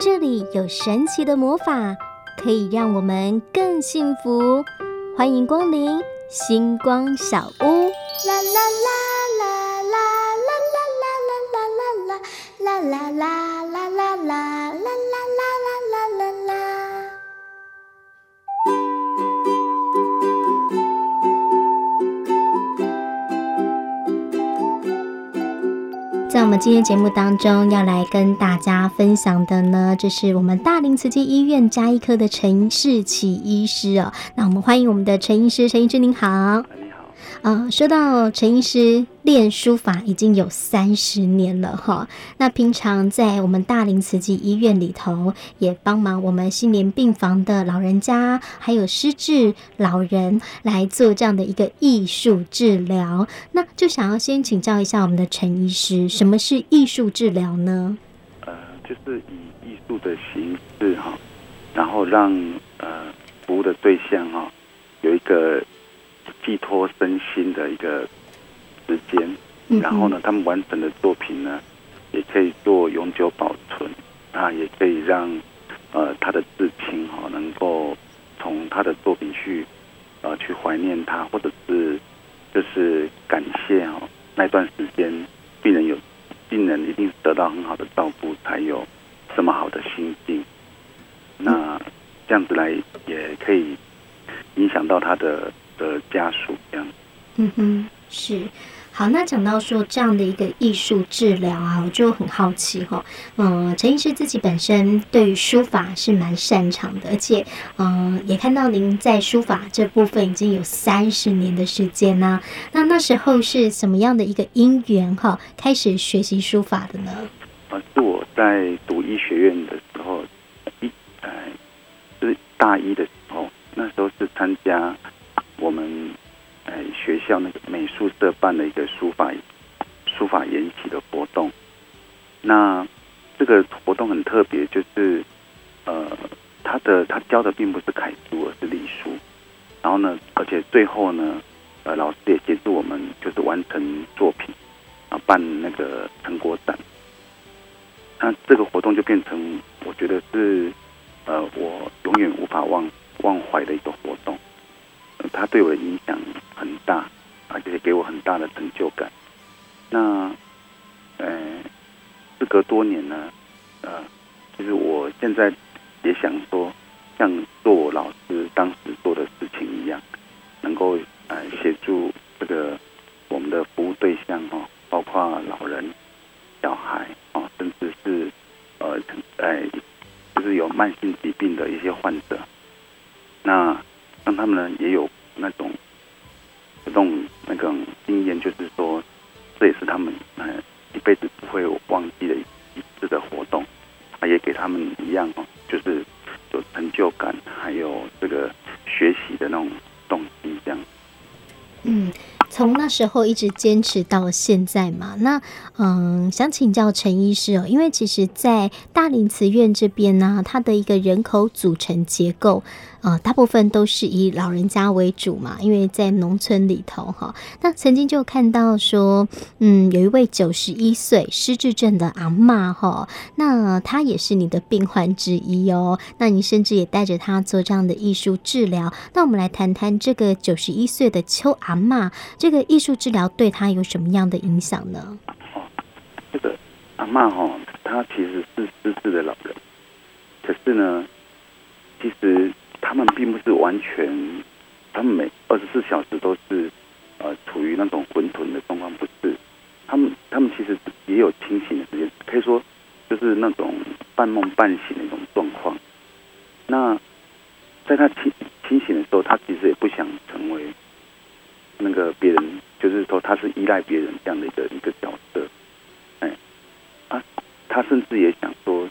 這裡有神奇的魔法，可以讓我們更幸福。歡迎光臨心光小屋啦啦啦啦。啦啦啦啦啦啦啦啦啦啦啦啦啦啦。在我們今天節目當中，要來跟大家分享的呢，就是我們大林慈濟醫院家醫科的陳世琦醫師哦。那我們歡迎我們的陳醫師，陳醫師您好。呃、嗯，說到陳醫師練書法已經有三十年了哈，那平常在我們大林慈濟醫院裡頭，也幫忙我們心蓮病房的老人家，還有失智老人來做這樣的一個藝術治療，那就想要先請教一下我們的陳醫師，什麼是藝術治療呢？呃，就是以藝術的形式哈，然後讓呃服務的對象哈有一個。寄託身心的一個時間，然後呢，他們完整的作品呢，也可以做永久保存。那、啊、也可以讓呃他的至親哈，能夠從他的作品去呃去懷念他，或者是就是感謝哦，那段時間病人有病人一定得到很好的照顧，才有這麼好的心境。那這樣子來也可以影響到他的。家屬樣。嗯哼，是。好，那講到說這樣的一個藝術治療啊，我就很好奇哈。嗯、呃，陳醫師自己本身對於書法是蠻擅長的，而且嗯、呃、也看到您在書法這部分已經有三十年的時間呢、啊。那那時候是什麼樣的一個因緣哈，開始學習書法的呢？啊，是我在讀醫學院的時候，一呃，哎就是大一的時候，那時候是參加。我們誒，學校那個美術社辦了一個書法書法研習的活動。那這個活動很特別，就是呃，他的他教的並不是楷書，而是隸書。然後呢，而且最後呢，呃，老師也協助我們，就是完成作品，然後辦那個成果展。那這個活動就變成，我覺得是。對我的影響很大，而且給我很大的成就感。那，嗯、哎，時隔多年呢，呃，就是我現在也想說，像做老師當時做的事情一樣，能夠呃、哎、協助這個我們的服務對象哦，包括老人、小孩哦，甚至是呃，在、哎、就是有慢性疾病的一些患者，那讓他們呢也有。那種，那種那種經驗，就是說，這也是他們、呃、一輩子不會忘記的一次的活動，他、啊、也給他們一樣哦，就是有成就感，還有這個學習的那種動機，這樣。嗯。從那時候一直堅持到現在嘛，那嗯，想請教陳醫師哦，因為其實，在大林慈院這邊呢，啊，它的一個人口組成結構，呃，大部分都是以老人家為主嘛，因為在農村裡頭哈。那曾經就看到說，嗯，有一位九十一歲失智症的阿嬤哈，那她也是你的病患之一哦。那你甚至也帶着她做這樣的藝術治療。那我們來談談這個九十一歲的邱阿嬤。這個藝術治療對他有什麼樣的影響呢？哦，這個阿嬤哈、哦，她其實是失智的老人，可是呢，其實他們並不是完全，他們每二十四小時都是呃處於那種混沌的狀況，不是？他們他們其實也有清醒的時間，可以說就是那種半夢半醒。帶別人這樣的一個一個角色，哎，啊，他甚至也想說，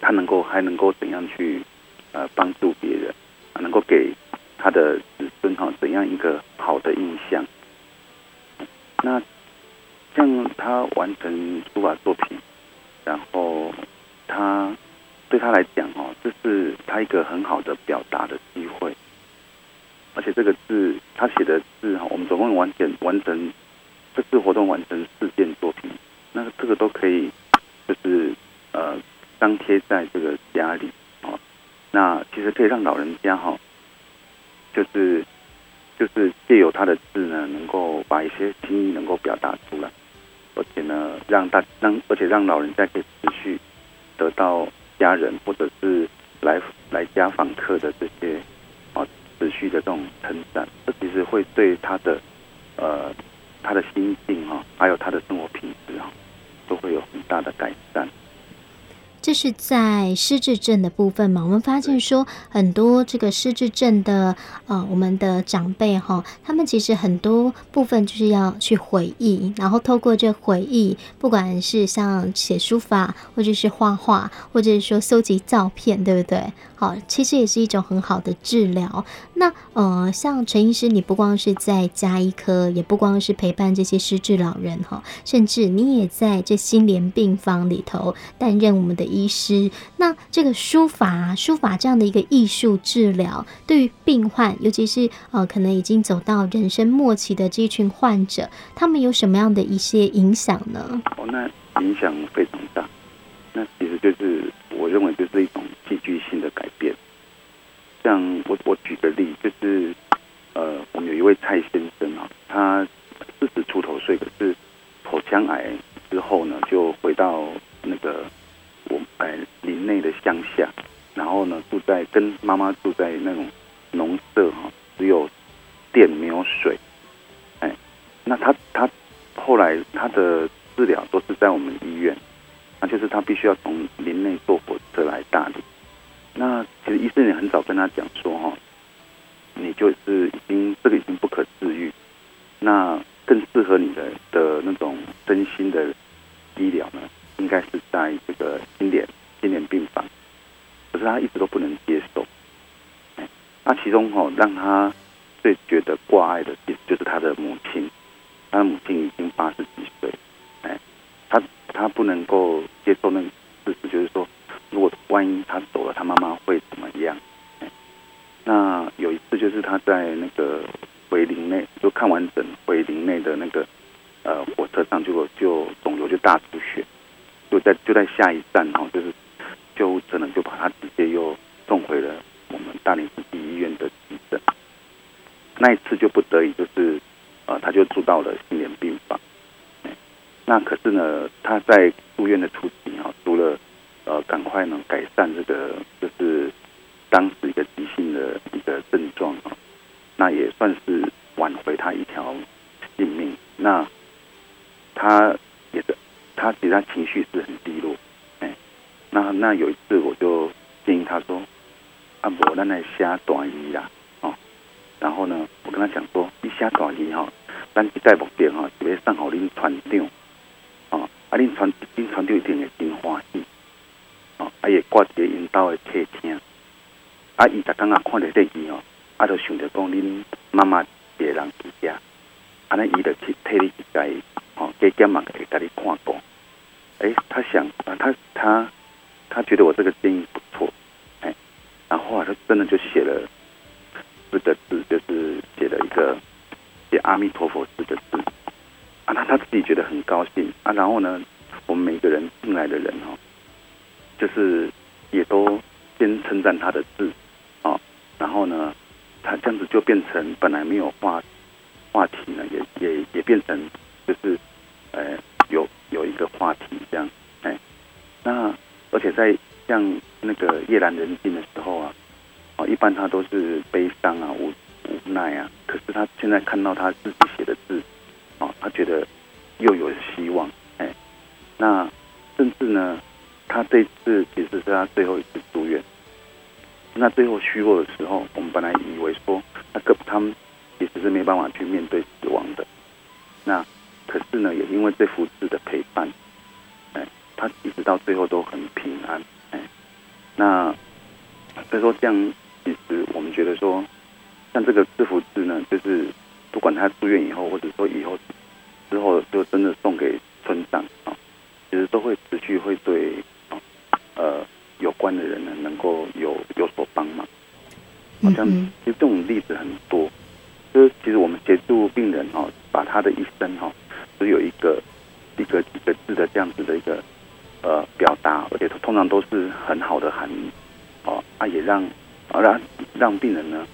他能夠還能夠怎樣去呃幫助別人，啊，能夠給他的子孫哈、哦、怎樣一個好的印象。那像他完成書法作品，然後他對他來講哦，這是他一個很好的表達的機會，而且這個字他寫的字哈、哦，我們總共完成完成。這次活動完成四件作品，那這個都可以，就是呃張貼在這個家裡啊、哦、那其實可以讓老人家哈、哦，就是就是借由他的字呢，能夠把一些心意能夠表達出來，而且呢，讓大讓而且讓老人家可以持續得到家人或者是來來家訪客的這些啊、哦、持續的這種成長，這其實會對他的呃。他的心境啊，還有他的生活品質啊，都會有很大的改善。這是在失智症的部分嘛，我們發現說，很多這個失智症的呃，我們的長輩哈，他們其實很多部分就是要去回憶，然後透過這回憶，不管是像寫書法，或者是畫畫，或者是說蒐集照片，對不對？好，其實也是一種很好的治療。那呃，像陳醫師，你不光是在家醫科，也不光是陪伴這些失智老人哈，甚至你也在這心蓮病房裡頭擔任我們的。醫師，那這個書法、啊、書法這樣的一個藝術治療，對於病患，尤其是呃可能已經走到人生末期的這群患者，他們有什麼樣的一些影響呢？哦，那影響非常大。那其實就是我認為就是一種戲劇性的改變。像我我舉個例，就是呃，我們有一位蔡先生啊，他四十出頭歲，可是口腔癌之後呢，就回到那個。我哎，林內的鄉下，然後呢，住在跟媽媽住在那種農舍哈，只有電沒有水。哎，那他他後來他的治療都是在我們醫院，那就是他必須要從林內坐火車來大林。那其實醫生也很早跟他講說哈，你就是已經這個已經不可治癒，那更適合你的的那種身心的醫療呢？應該是在這個安寧安寧病房，可是他一直都不能接受。哎，那其中哦，讓他最覺得掛礙的，就是他的母親。他的母親已經八十幾歲，哎，他他不能夠接受那個事實，就是說，如果萬一他走了，他媽媽會怎麼樣？哎，那有一次就是他在那個回林內，就看完診回林內的那個呃火車上就，就就腫瘤就大。就在就在下一站哈、哦，就是就可能就把他直接又送回了我們大林慈濟醫院的急診。那一次就不得已，就是呃，他就住到了心蓮病房、嗯。那可是呢，他在住院的初期啊，除了呃趕快能改善這個，就是當時一個急性的一個症狀啊，那也算是挽回他一條性命。那他也是。他其實情緒是很低落，那那有一次我就建議他說，啊，伯，咱來寫大字啦，哦，然後呢，我跟他講說，你寫大字哈，咱一在目邊哈，會上好哩團長哦，啊，恁團，恁團長一定會真歡喜哦，也掛一個引導的客廳，阿伊在逐工看到這字哦，啊，就想着講恁媽媽別人幾家，啊，那伊就去替你去改，哦，點給點嘛給帶你看過。哎，他想啊，他他他覺得我這個建議不錯，哎，然後啊，後他真的就寫了四個字，就是寫了一個寫阿彌陀佛四個字，啊，他他自己覺得很高興啊。然後呢，我們每一個人進來的人哦，就是也都先稱讚他的字，啊、哦，然後呢，他這樣子就變成本來沒有話話題呢，也也也變成就是，哎。的話題這樣，哎，那而且在像那個夜闌人靜的時候啊，哦，一般他都是悲傷啊、無無奈啊。可是他現在看到他自己寫的字，啊、哦，他覺得又有希望，哎，那甚至呢，他這次其實是他最後一次住院，那最後虛弱的時候，我們本來以為說那個他，他們其實是沒辦法去面對死亡的，那。可是呢，也因為這幅字的陪伴，哎，他一直到最後都很平安，哎。那所以說，這樣其實我們覺得說，像這個字、幅字呢，就是不管他住院以後，或者說以後之後，就真的送給村長啊、哦，其實都會持續會對啊、哦、呃有關的人呢，能夠有有所幫忙。好像其實這種例子很多，就是其實我們協助病人哈、哦，把他的一生哈。哦只有一個一個一個字的這樣子的一個呃表達，而且通常都是很好的含義哦啊，啊，也讓啊讓讓病人呢，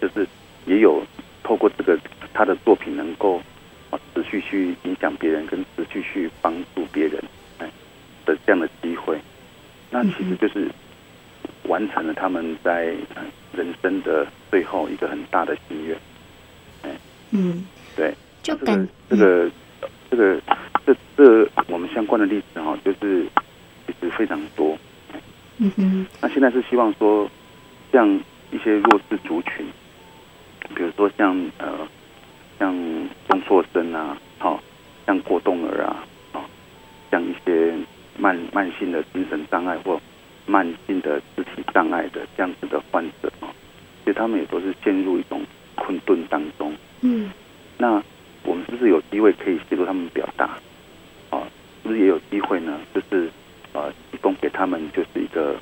就是也有透過這個他的作品能夠啊、哦、持續去影響別人，跟持續去幫助別人的這樣的機會，那其實就是完成了他們在人生的最後一個很大的心願，哎嗯對。嗯對就嗯、這個這個這個這個、這個、我們相關的例子哈，就是其實非常多。嗯哼。那現在是希望說，像一些弱勢族群，比如說像呃像中輟生啊，好、哦，像過動兒啊，啊、哦、像一些慢慢性的精神障礙或慢性的肢體障礙的這樣子的患者啊，其、哦、實他們也都是陷入一種困頓當中。嗯。那是不是有機會可以記錄他們表達，啊，是不是也有機會呢？就是呃，提供給他們就是一個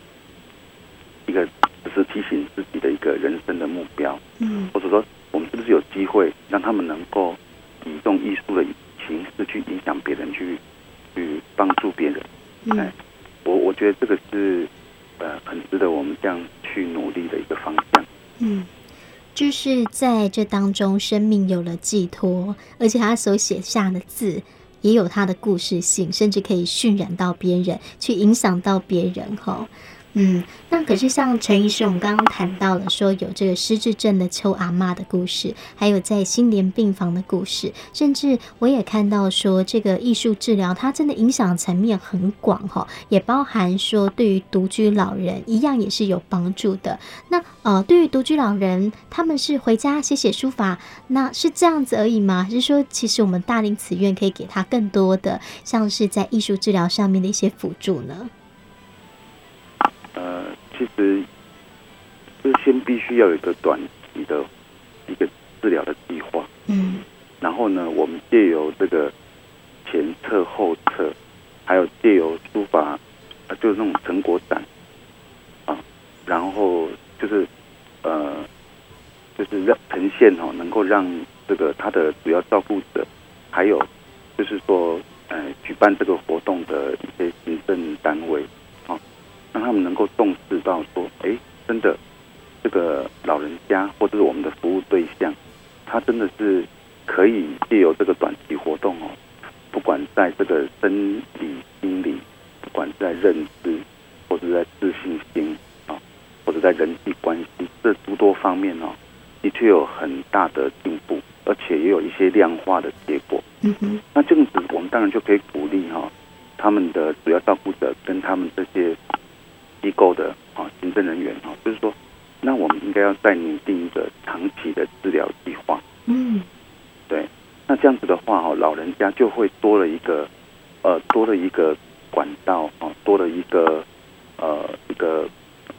一個，只是提醒自己的一個人生的目標。嗯，或者說，我們是不是有機會讓他們能夠以一種藝術的形式去影響別人，去去幫助別人？嗯，我我覺得這個是呃，很值得我們這樣去努力的一個方向。嗯。就是在這當中，生命有了寄託，而且他所寫下的字也有他的故事性，甚至可以渲染到別人，去影響到別人，吼。嗯，那可是像陳醫師，我們剛剛談到了說有這個失智症的邱阿媽的故事，還有在心蓮病房的故事，甚至我也看到說這個藝術治療，它真的影響層面很廣哈，也包含說對於獨居老人一樣也是有幫助的。那呃，對於獨居老人，他們是回家寫寫書法，那是這樣子而已嗎？還是說，其實我們大林慈院可以給他更多的，像是在藝術治療上面的一些輔助呢？其實，就先必須要有一個短期的一個治療的計劃。嗯。然後呢，我們借由這個前測後測還有借由書法，呃，就是那種成果展，啊，然後就是呃，就是讓呈現哦，能夠讓這個他的主要照顧者，還有就是說，呃，舉辦這個活動的一些行政單位。讓他們能夠重視到說，哎，真的，這個老人家或者是我們的服務對象，他真的是可以借由這個短期活動哦，不管在這個生理、心理，不管在認知，或者在自信心啊，或者在人際關係這諸多方面哦，的確有很大的進步，而且也有一些量化的結果。嗯哼，那這樣子我們當然就可以鼓勵哈，他們的主要照顧者跟他們這些。機構的啊，行政人員啊，就是說，那我們應該要再擬定一個長期的治療計劃。嗯，對，那這樣子的話，老人家就會多了一個，呃，多了一個管道，啊，多了一個呃，一個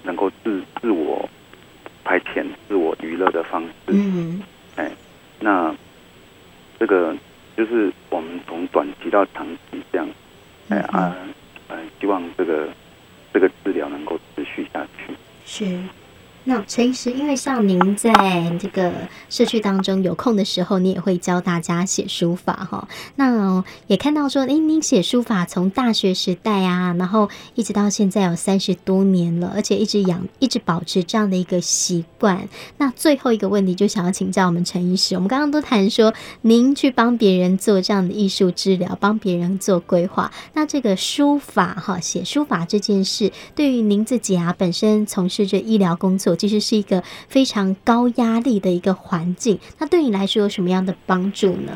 能夠自自我排遣、自我娛樂的方式。嗯，哎，那這個就是我們從短期到長期這樣，呃、哎、啊，嗯，呃，希望這個。這個治療能夠持續下去。是。那陳醫師，因為像您在這個社區當中有空的時候，你也會教大家寫書法哈。那也看到說，哎、欸，您寫書法從大學時代啊，然後一直到現在有三十多年了，而且一直養，一直保持這樣的一個習慣。那最後一個問題，就想要請教我們陳醫師，我們剛剛都談說您去幫別人做這樣的藝術治療，幫別人做規劃，那這個書法哈，寫書法這件事，對於您自己啊，本身從事着醫療工作。其實是一個非常高壓力的一個環境，那對你來說有什麼樣的幫助呢？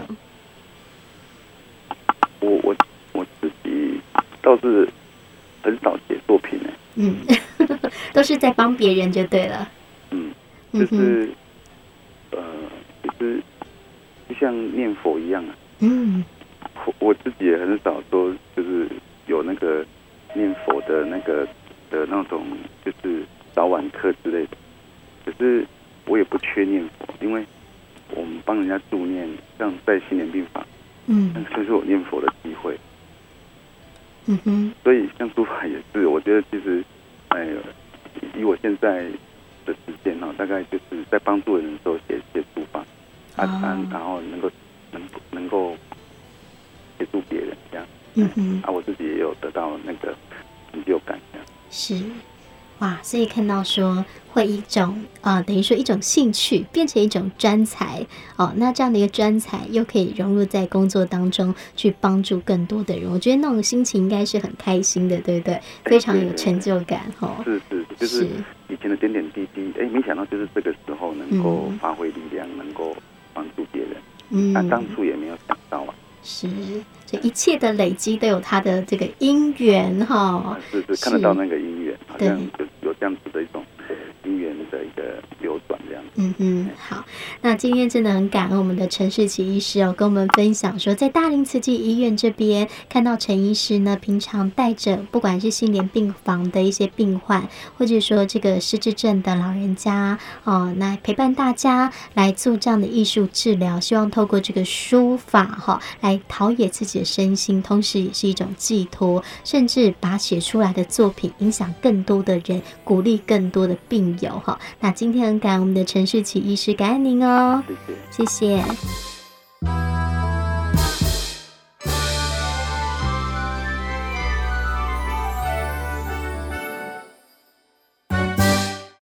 我我我自己倒是很少寫作品呢。嗯， 都是在幫別人就對了。嗯，就是、嗯、哼呃，就是就像念佛一樣啊。嗯，我自己也很少說，就是有那個念佛的那個的那種，就是。早晚課之類的，可是我也不缺念佛，因為我們幫人家助念，像在心蓮病房，嗯，嗯，就是我念佛的機會。嗯哼。所以像書法也是，我覺得其實，哎以我現在的時間哈，哦，大概就是在幫助的人的時候寫寫，寫書法，阿禪，哦啊，然後能夠能能夠協助別人這樣。嗯，哼嗯啊，我自己也有得到那個成就感這樣。是。哇，所以看到說會一種啊、呃，等於說一種興趣變成一種專才哦。那這樣的一個專才又可以融入在工作當中去幫助更多的人，我覺得那種心情應該是很開心的，對不對？欸、非常有成就感哦。是吼是，是，就是以前的點點滴滴，哎、欸，沒想到就是這個時候能夠發揮力量，嗯、能夠幫助別人。嗯，但當初也沒有想到啊。是，這一切的累積都有它的這個因緣哈。是是，看得到那個因緣，是對。嗯嗯，好，那今天真的很感恩我們的陳世琦醫師哦，跟我們分享說，在大林慈濟醫院這邊看到陳醫師呢，平常帶着不管是心蓮病房的一些病患，或者說這個失智症的老人家哦，那來陪伴大家來做這樣的藝術治療，希望透過這個書法哈、哦，來陶冶自己的身心，同時也是一種寄託，甚至把寫出來的作品影響更多的人，鼓勵更多的病友哈、哦。那今天很感恩我們的陳。陳世琦醫師，感恩您哦，謝謝。